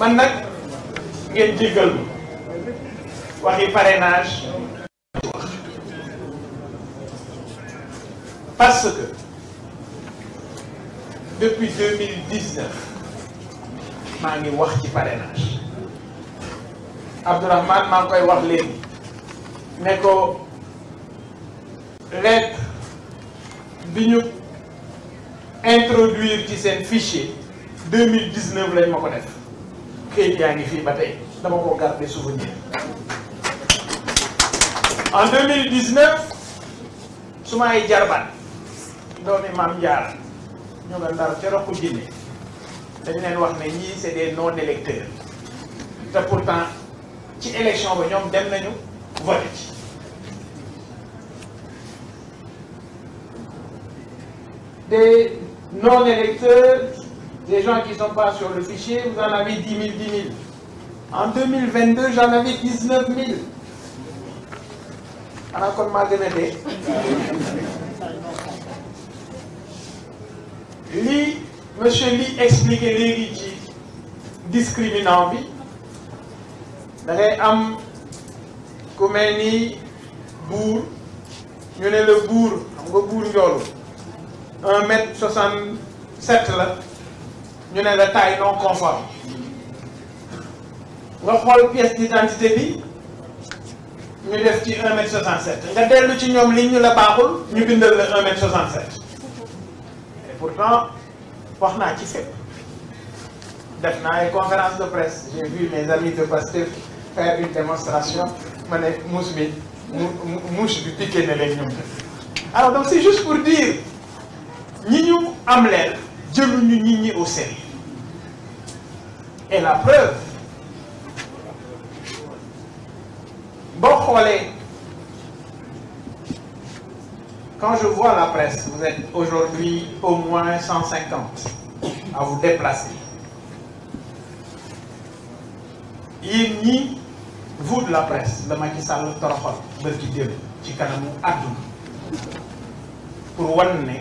man nag ngeen jéggal ma waxi parrainage wax parce que depuis deux mille dix-neuf maa ngi wax ci parrainage Abdourahmane maa ngi koy wax léegi ne ko lettre bi ñu introduire ci seen fichier deux mille dix-neuf lañ ma ko def këyit yaa ngi fii ba tey dama ko garder souvenir en 2019 su ma ay jarbaat doomi maam Ndiar ñu nga ndar ca Roqu Jinne dañ leen wax ne ñii c'est des non électeurs te pourtant ci élection ba ñoom dem nañu voté ci des non électeurs Des gens qui ne sont pas sur le fichier, vous en avez 10 000, 10 000. En 2022, j'en avais 19 000. xanaa kon maa gën a dee lii monsieur li expliqué léegi ci discriminant bi da ngay am ku mel ni buur ñu ne la buur xam nga buur njoolu un mètre soixante sept la ñu ne la taille non conforme nga xool pièce d'identité bi ñu def ci 1 mètre 67 nga dellu ci ñoom liñ ñu la baaxul ñu bindal la 1 mètre 67 et pourtant wax naa ci fépp def naa ay conférence de presse j'ai vu mes amis de Pastef faire une démonstration ma ne mouche bi mouche bi piqué donc c'est juste pour dire ñi ñu am leen jëluñu nit ñi au sérieux et la preuve boo xoolee quand je vois la presse vous êtes aujourd'hui au moins cent cinquante à vous déplacer yéen ñi vous de la presse la Macky Sall toroxal bërki démb ci kanamu àdduna pour wan ne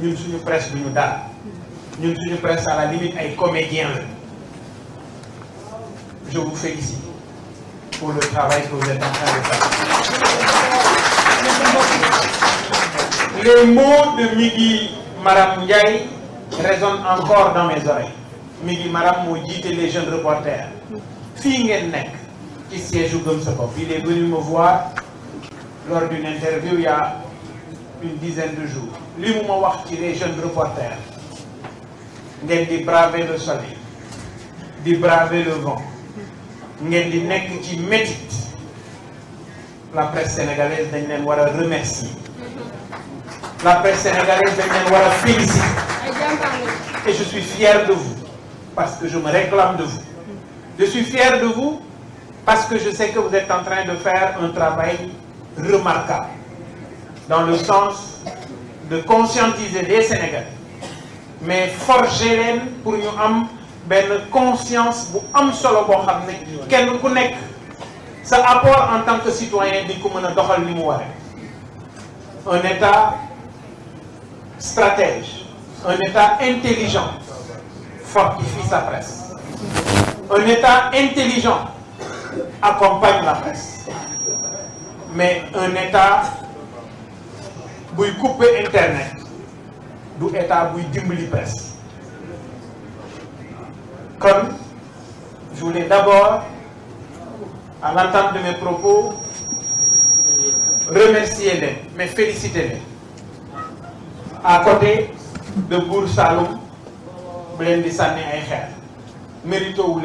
ñun suñu presse bu ñu daal ñun suñu presse à la limite ay comédiens la je vous félicite pour le travail que vous êtes en train de faire. les mots de Migui Maram Ndiaye résonnent encore dans mes oreilles Migui Maram moo jiite les jeunes reporters fii ngeen nekk ci siège u Gëm Sa il est venu me voir lors d'une interview il a une dizaine de jours li mu ma wax ci les ngeen di braver le soleil di braver le vent ngeen di nekk ci métit la presse sénégalaise dañ leen war a remercier la presse sénégalaise dañ leen war a féliciter et je suis fier de vous parce que je me réclame de vous je suis fier de vous parce que je sais que vous êtes en train de faire un travail remarquable dans le sens de conscientiser les Sénégalais mais forger leen pour ñu am benn conscience bu am solo boo xam ne kenn ku nekk sa apport en tant que citoyen di ko mën a doxal ni mu waree un état stratège un état intelligent fortifie sa presse un état intelligent accompagne la presse mais un état buy couper internet du état buy dimbali presse kon je voulais d'abord à l'entente de mes propos remercier leen mais féliciter leen à côté de Bour Saloum bu leen di sànni ay xeer mérité wu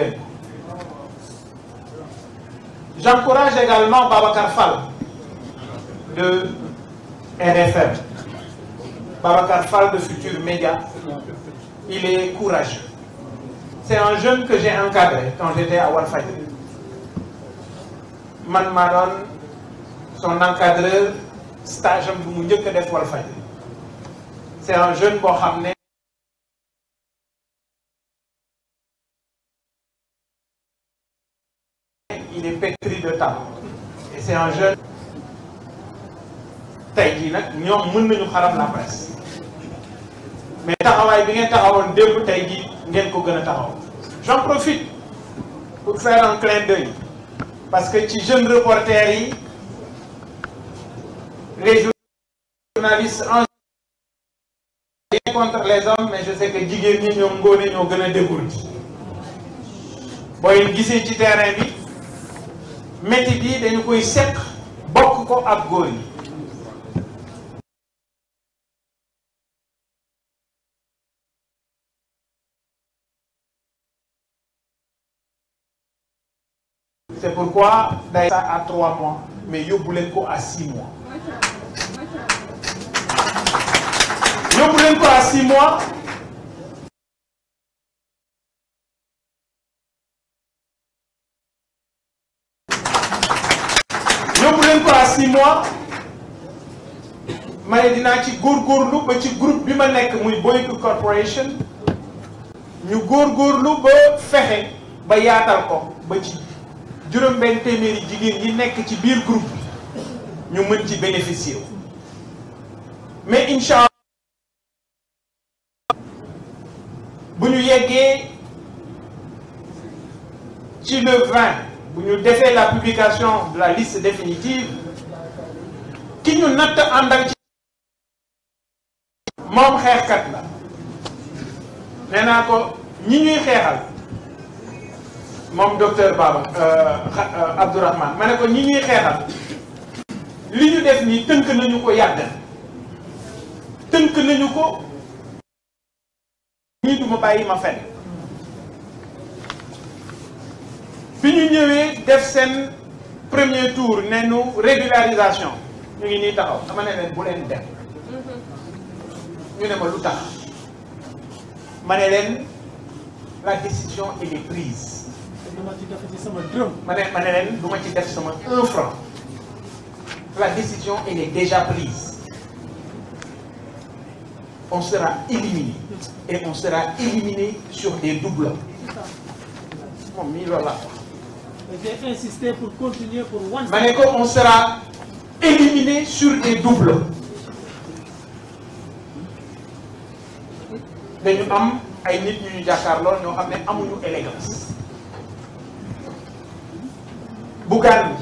j'encourage également Babacar Fall de RFM Babacar Fall de Futur Média, il est courageux. C'est un jeune que j'ai encadré quand j'étais à Walfadjri. man son encadreur stage am bu mu njëkk a def Walfadjri. C'est un jeune boo xam ne il est pétri de talent et c'est un jeune ñoom mën nañu xarab la presse mais taxawaay bi ngeen taxawoon démb tey jii ngeen ko gën a taxaw j'en profite pour faire un clin d'œil parce que ci jeunes reporters yi les journalistes en rien contre les hommes mais je sais que jigéen ñi ñoom ngóone ñoo gën a dégourdi boo leen gisee ci terrain bi métit yi dañu koy seq bokk ko ak góor yi pourquoi day ça à trois mois mais yóbbu leen ko à six mois yóbbu ko à six dinaa ci góorgóorlu ba ci groupe bi ma nekk muy Boyko Corporation ñu góorgóorlu ba fexe ba yaatal ko ba ci juróom-benn téeméeri jigéen ñi nekk ci biir groupe bi ñu mën ci bénéficier mais incha allah bu ñu yeggee ci le 20 bu ñu defee la publication de la liste définitive ki ñu natt ànd moom xeexkat la nee ko ñi ñuy xeexal moom docteur Baba euh, euh, Abdourahmane ma ne ko ñi ñuy xeexal li ñu def nii tënk nañu ko yàgg tënk nañu ko ñii duma bàyyi ma fen bi ñu ñëwee def seen premier tour ne nu régularisation ñu ngi nii taxaw dama ne leen bu leen dem ñu ne ma lu tax ma ne leen la décision est prise du ma ci def ci sama dërëm. ma ne ma ne leen du ma ci def sama un franc. la décision elle est déjà prise. on sera éliminé. et on sera éliminé sur des doublons. moom mii loolu la. j'ai insisté pour continuer pour wan. ma ne ko on sera éliminé sur des doublons. dañu am ay nit ñu ñu jàkkaarloo ñoo xam ne amuñu élégance. Bougane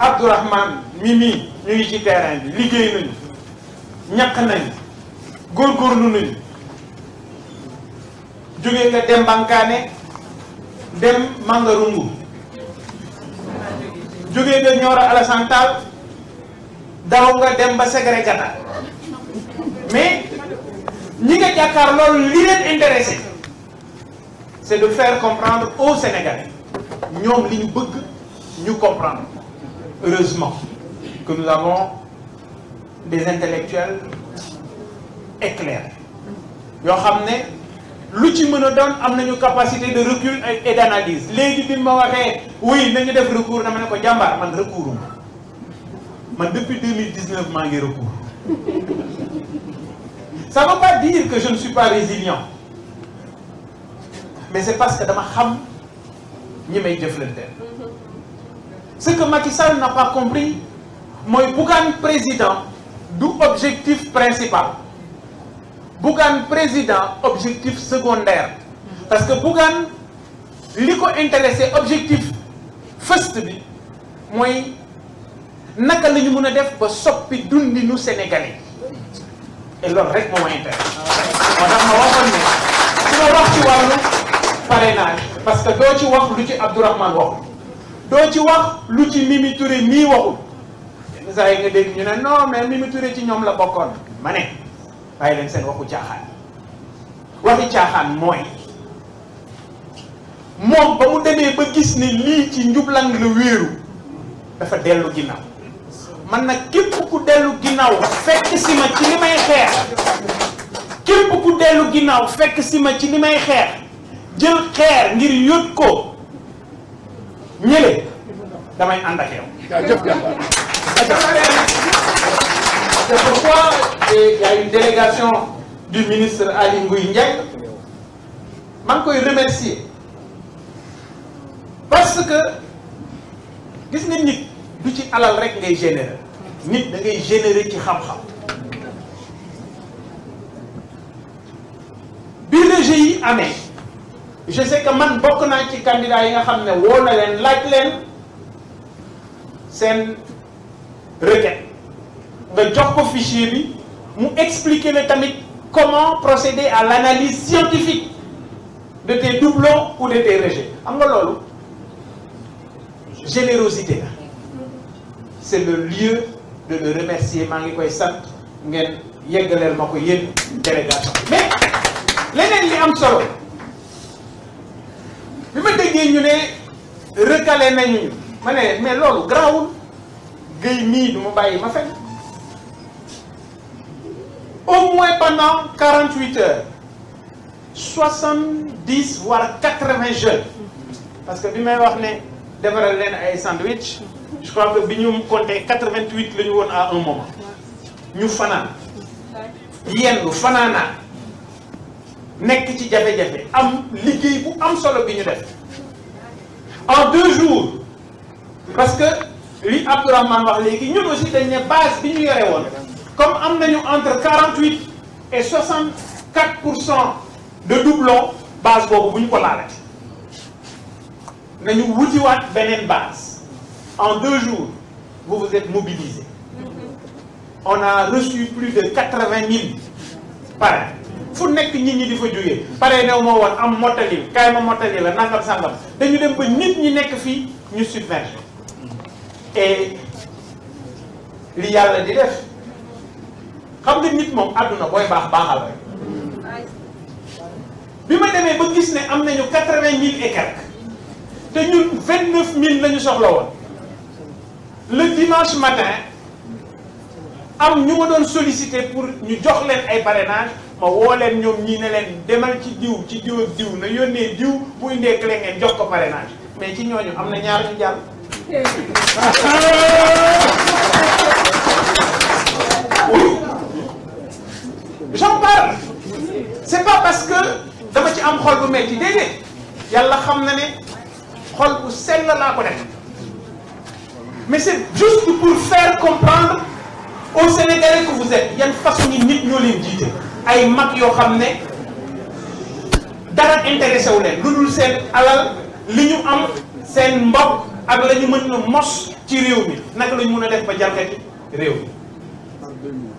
Abdourahmane Mimi ñu ngi ci terrain bi liggéey nañu ñaq nañu góorgóorlu nañu jóge nga dem Bankaane dem Mangarungu jóge nga Nioro Alassane Tall nga dem ba Ségré Gata mais ñi nga jàkkaar loolu li leen intéressé c'est de faire comprendre aux Sénégalais ñoom li ñu bëgg ñu comprendre heureusement que nous avons des intellectuels éclairés yoo xam ne lu ci mën a doon am nañu capacité de recul et d' analyse léegi bi ma waxee na ñu def recours dama ne ko jàmbaar man recours man depuis 2019 maa ngi recours ça veut pas dire que je ne suis pas résilient mais c' est parce que dama xam ñi may jëflanteel ce que Macky Sall n'a pas compris mooy Bougane président du objectif principal Bougane président objectif secondaire parce que Bougane li ko intéressé objectif first bi mooy naka la ñu mën a def ba soppi dundinu sénégalais et loolu rek moo ma intéressé moo tax ma su ma wax ci wàllu pare naa parce que doo ci wax lu ci Abdourahmane waxul doo ci wax lu ci Mimi Touré mii waxul yenn saa yi nga dégg ñu ne non mais Mimi Touré ci ñoom la bokkoon ma ne bàyyi leen seen waxu caaxaan waxi caaxaan mooy moom ba mu demee ba gis ni lii ci njublang la wéeru dafa dellu ginnaaw man na képp ku dellu ginnaaw fekk si ma ci li may xeex képp ku dellu ginnaaw fekk si ma ci li may xeex jël xeer ngir yót ko ñële damay ànd ak yow. C'est eh, y a une délégation du ministre Ali Ngouille Ndiaye maa koy remercier parce que gis nga nit du ci alal rek ngay générer nit da ngay générer ci xam-xam bi rejet yi amee. je sais que man bokk naa ci candidat yi nga xam ne woo na leen laaj leen seen requête nga jox ko fichier bi mu expliquer le tamit comment procéder à l'analyse scientifique de tes doublons ou de tes rejets xam nga loolu générosité la c'est le lieu de le remercier maa ngi koy sant ngeen yeggaleel ma ko yéen délégation mais leneen li am solo bi ma déggee ñu ne recalé nañu ma ne mais loolu garaawul Guèye mii du ma bàyyi ma fekk au moins pendant quarante huit heures soixante dix voire quatre vingt jeunes parce que bi may wax ne defaral leen ay sandwich je crois bi ñu compté quatre vingt huit la ñu woon à un moment ñu fanaan yendu fanaanaa nekk ci jafe-jafe am liggéey bu am solo bi ñu def en deux jours parce que li Abdourahmane wax léegi ñun aussi dañ ne base bi ñu yore woon comme am nañu entre quarante huit et soixante quatre pour cent de doublon base boobu bu ñu ko laalati nañu wutiwaat beneen base en deux jours vous vous êtes mobilisés mm-hmm. on a reçu plus de quatre vingt mille parrains fu nekk ñi ñi di fa jógee pare new moo woon am mottali kaay ma mottali la nangam sangam dañu dem ba nit ñi nekk fii ñu submergé et li yàlla di def xam nga nit moom àdduna booy baax baaxal rek bi ma demee ba gis ne am nañu quatre-vingt mille et quelque te ñun vingt-neuf mille la ñu soxla woon le dimanche matin am ñu ma doon sollicité pour ñu jox leen ay parrainage ma woo leen ñoom ñii ne leen demal ci diw ci diw ak diw na yónnee diw bu indee clé ngeen jox ko parrainage mais ci ñooñu am na ñaar ñu jàll. oui j'en c'est pas parce que dama ci am xol bu metti déedéet yàlla xam na ne xol bu sell laa ko def mais c'est juste pour faire comprendre aux Sénégalais que vous yan façon yi nit ñoo leen jiite. ay mag yoo xam ne dara intéressé wu leen lu dul seen alal li ñu am seen mbokk ak la ñu mën mos ci réew mi naka lañ mun mën a def ba jalgati réew mi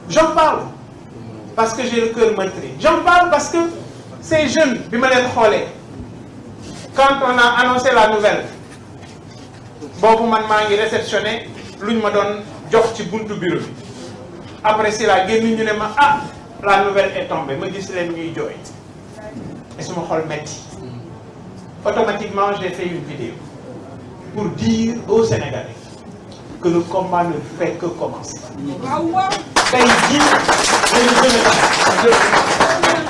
j'en parle parce que j'ai le cœur meurtri j'en parle parce que ces jeunes bi ma leen xoolee quand on a annoncé la nouvelle boobu man maa ngi lu ñu ma doon jox ci buntu bureau bi après si la génn ñu ne ma ah la nouvelle est ma gis leen ñuy jooy et suma xol metti automatiquement j'ai fait une vidéo pour dire aux Sénégalais que le combat ne fait que jii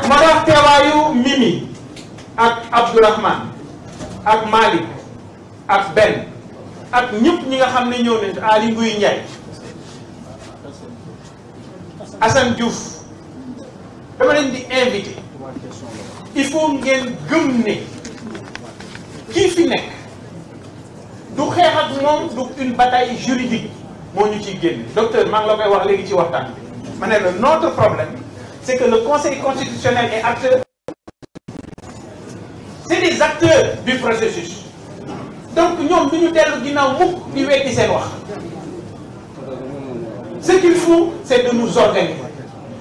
dañu teewaayu Mimi ak Abdourahmane ak Malick ak Ben ak ñëpp ñi nga xam ne ñëw nañu Aly Ngouille Ndiaye Assane Diouf. dama leen di invité il faut ngeen gëm ne kii fi nekk du xeex ak moom du une bataille juridique moo ñu ci génn docteur maa la koy wax léegi ci waxtaan bi ma ne la notre problème c'est que le conseil constitutionnel est acteur c'est des acteurs du processus donc ñoom du ñu dellu ginnaaw mukk di weddi seen wax ce qu'il faut c'est de nous organiser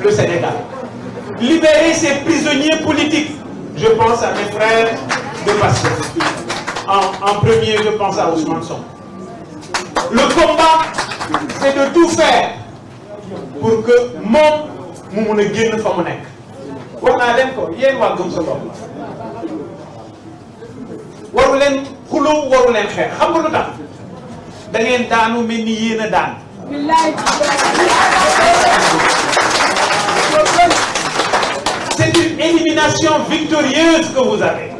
le Sénégal. Libérer ces prisonniers politiques. Je pense à mes frères de Pastef. En, premier, je pense à Ousmane Sonko. Le combat, c'est de tout faire pour que moom mu mun a génn fa mu nekk. wax naa leen ko yéen waa Gëm sa bopp waru leen xuloo xam nga lu da ngeen daanu mel ni yéen élimination victorieuse que vous avez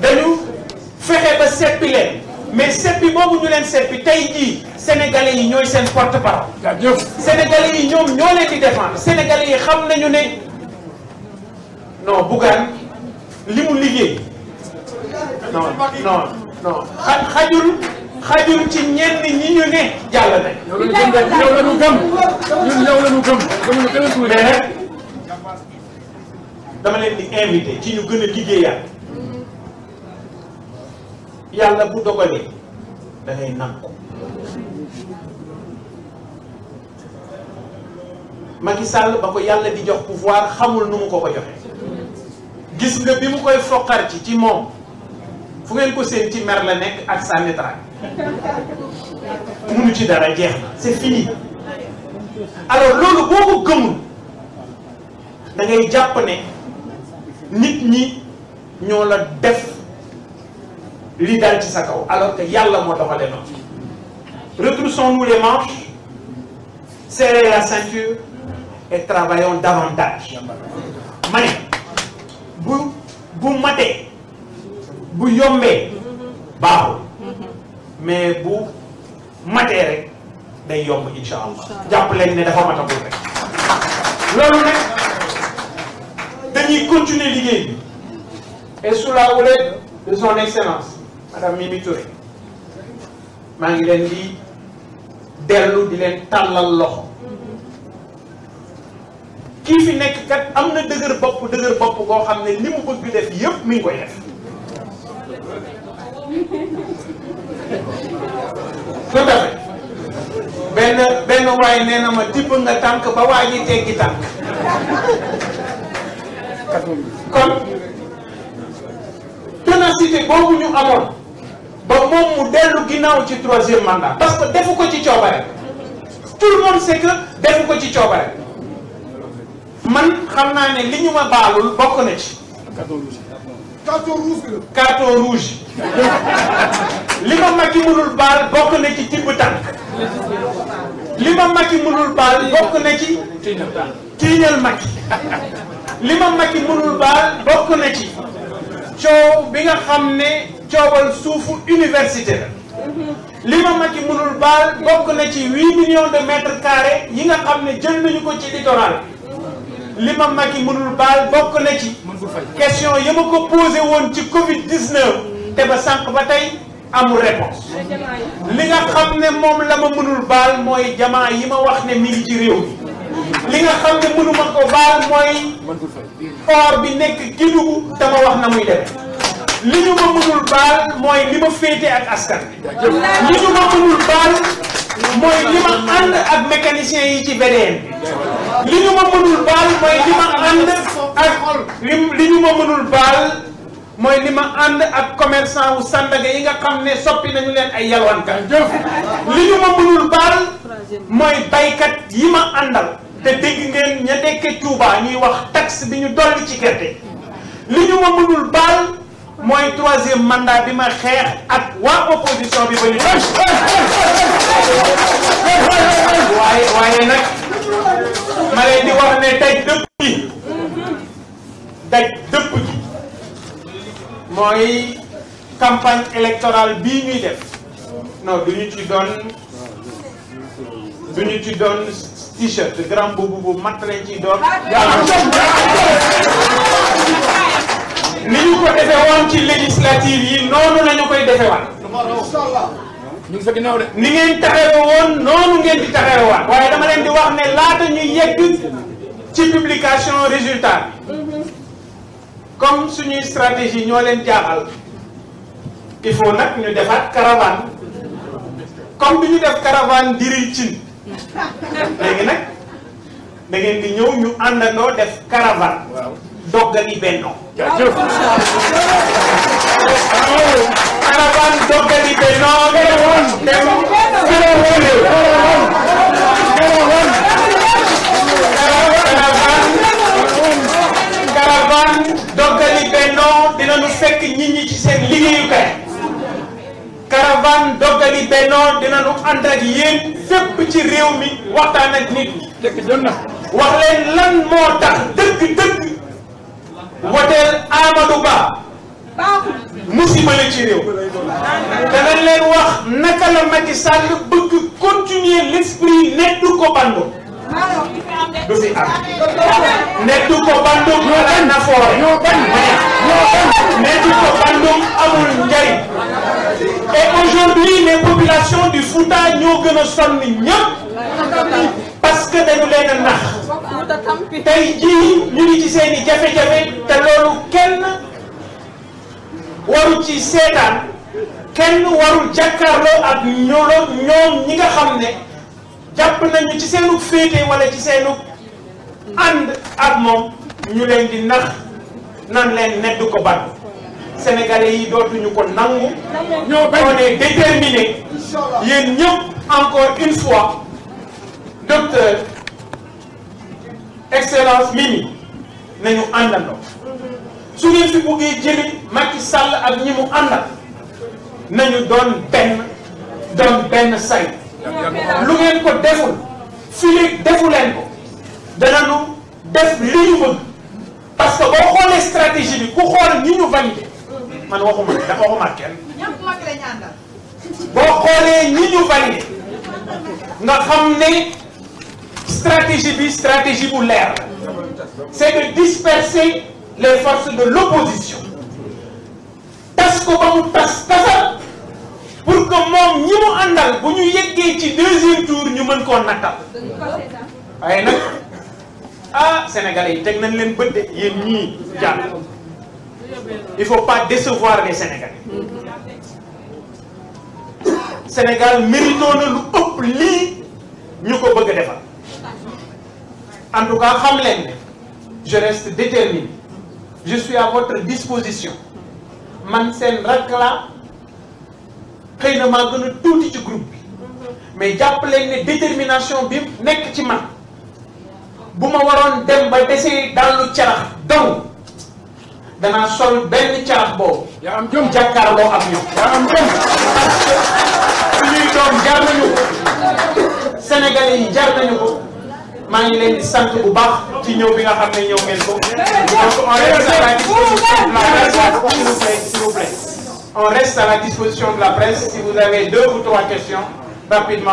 dañu fexe ba seppi leen mais seppi boobu ñu leen seppi tey jii sénégalais yi ñooy seen porte-parole sénégalais yi ñoom ñoo leen di défendre sénégalais yi xam nañu ne non Bougane li mu liggéey non non non xa xajul ci ñenn ñi ñu ne jàll nañ. yow la ñu gëm yow la ñu gëm ñun yow la ñu gëm gëm ñu dama leen di invité ci ñu gën a liggéeyaat yàlla bu dogalee da ngay ko Macky ba ko yàlla di jox pouvoir xamul nu mu ko ko joxe gis nga bi mu koy foqar ci ci moom fu ngeen ko seen ci mer la nekk ak sa netra munu ci dara jeex na c'est fini alors loolu boo gëmul da jàpp ne nit ñi ñoo la def li daal ci sa kaw alors que yàlla moo doxale noonu retroussons-nous les manches serrez la ceinture et travaillons davantage ma ne bu bu matee bu yombee baaxul mais bu matee rek day yomb insha allah jàpp leen ne dafa matagul rek loolu nag dañuy continuer liggéey bi et sous la houlette de son excellence madame Mimi maa ngi leen di dellu di leen tàllal loxo kii fi nekk kat am na dëgër bopp dëgër bopp boo xam ne li mu bëgg def yëpp mi ngi koy def tout à benn benn waaye nee na ma tibb nga tànk ba waa ji teggi tànk kon ténacité boobu ñu amoon ba moom mu dellu ginnaaw ci troisième mandat parce que defu ko ci coobare tout le monde sait que ko ci coobare man xam naa ne li ñu ma baalul bokk na ci carton rouge carton rouge li ma Macky mënul baal bokk na ci tibb tànk li ma Macky mënul baal bokk na ci tiiñal Macky li ma Macky mënul baal bokk na ci coow bi nga xam ne coowal suufu université la li ma Macky mënul baal bokk na ci huit millions de mètres carrés yi nga xam ne jël nañu ko ci littoral li ma Macky mënul baal bokk na ci question ya ma ko posé woon ci Covid 19 te ba sànq ba tey amul réponse li nga xam ne moom la ma mënul baal mooy jamaa yi ma wax ne mi ngi ci réew mi li nga xam ne mënu ma ko baal mooy na muy def li ñu ma mënul baal mooy li ma féete ak askan li ñu ma mënul baal mooy li ma ànd ak mécanicien yi ci VDN li ñu ma mënul baal mooy li ma ànd ak li ñu ma mënul baal mooy li ma ànd ak commerçant wu Sandaga yi nga xam ne soppi nañu leen ay yalwankat li baykat yi ma àndal te dégg ngeen ña nekk Touba ñuy wax taxe bi ñu dolli ci gerte li ñu ma mënul baal mooy troisième mandat bi ma xeex ak waa opposition bi ba ñu waaye nag ma leen di wax daj dëpp gi daj dëpp gi mooy campagne électorale bii ñuy def non du ñu ci doon du ñu ci doon t-shirt grand boubou bu mat lañ ciy doon. ni ñu ko defe woon ci législative yi noonu la koy defewaat. ñu de. ni ngeen taxawe woon noonu ngeen di taxawewaat. waaye dama leen di wax ne laata ñu yegg ci publication résultat comme suñuy stratégie ñoo leen jaaxal. il faut nag ñu defaat caravane comme bi ñu def caravane diri cin léegi nag da ngeen di ñëw ñu àndandoo def caravane. waaw doggali doggali bennoo. caravane dem fekk nit ñi ci seen liggéeyukaay caravane doggali bennoo dina nu ànd ak yéen fépp ci réew mi waxtaan ak nit ñi. dëgg jot na. wax leen lan moo tax dëgg-dëgg woteel Amadou Ba. musiba ci réew. danañ leen wax naka la Macky Sall bëgg continuer l' esprit nekk ko bando. du fi am. nekk ko bando. amul njariñ. et aujourd'hui les populations du Fouta ñoo gën a sonn ñëpp parce que dañu leen a nax tey jii ñu ngi ci seen i jafe-jafe te loolu kenn waru ci seetaan kenn warul jàkkaarloo ak ñoom ñi nga xam ne jàpp nañu ci seenu féete wala ci seenu ànd ak moom ñu leen di nax nan leen nedd ko ban sénégalais yi dootuñu ko nangu. ñoo bañ on est déterminé. yéen ñëpp encore une fois docteur excellence Mimi nañu àndandoo. su ngeen fi buggee jëli Macky Sall ak ñi mu àndal nañu doon benn doon benn say. lu ngeen ko deful fii defu leen ko danañu def li ñu bëgg parce que boo xoolee stratégie bi ku xool ñi ñu validé. man waxuma ne dafa waxuma kenn. ñëpp boo xoolee ñi ñu validé nga xam ne stratégie bi stratégie bu leer la c'est de disperser les forces de l'opposition tas ko ba mu tas tasal pour que moom ñi mu àndal bu ñu yeggee ci deuxième tour ñu mën koo nattal waaye nag ah sénégalais yi teg nañ leen bët de yéen ñii il faut pas décevoir les Sénégalais Sénégal méritoo na lu ëpp lii ñu ko bëgg defal en tout cas xam leen ne je reste déterminé je suis à votre disposition man seen rakk laa xëy na maa gën a ci groupe bi mais jàpp leen ne détermination bi nekk ci man bu ma waroon dem ba desee dal lu carax donc danaa sol benn carax boobu. yaa am jom jàkkaarloo ak ñoom. yaa am jom. suñuy doom jar nañu ko. Sénégalais yi jar nañu ko. maa ngi leen di sant bu baax ci ñëw bi nga xam ne ñëw ngeen ko donc on reste à la disposition de la la disposition de la presse si vous avez deux ou trois questions rapidement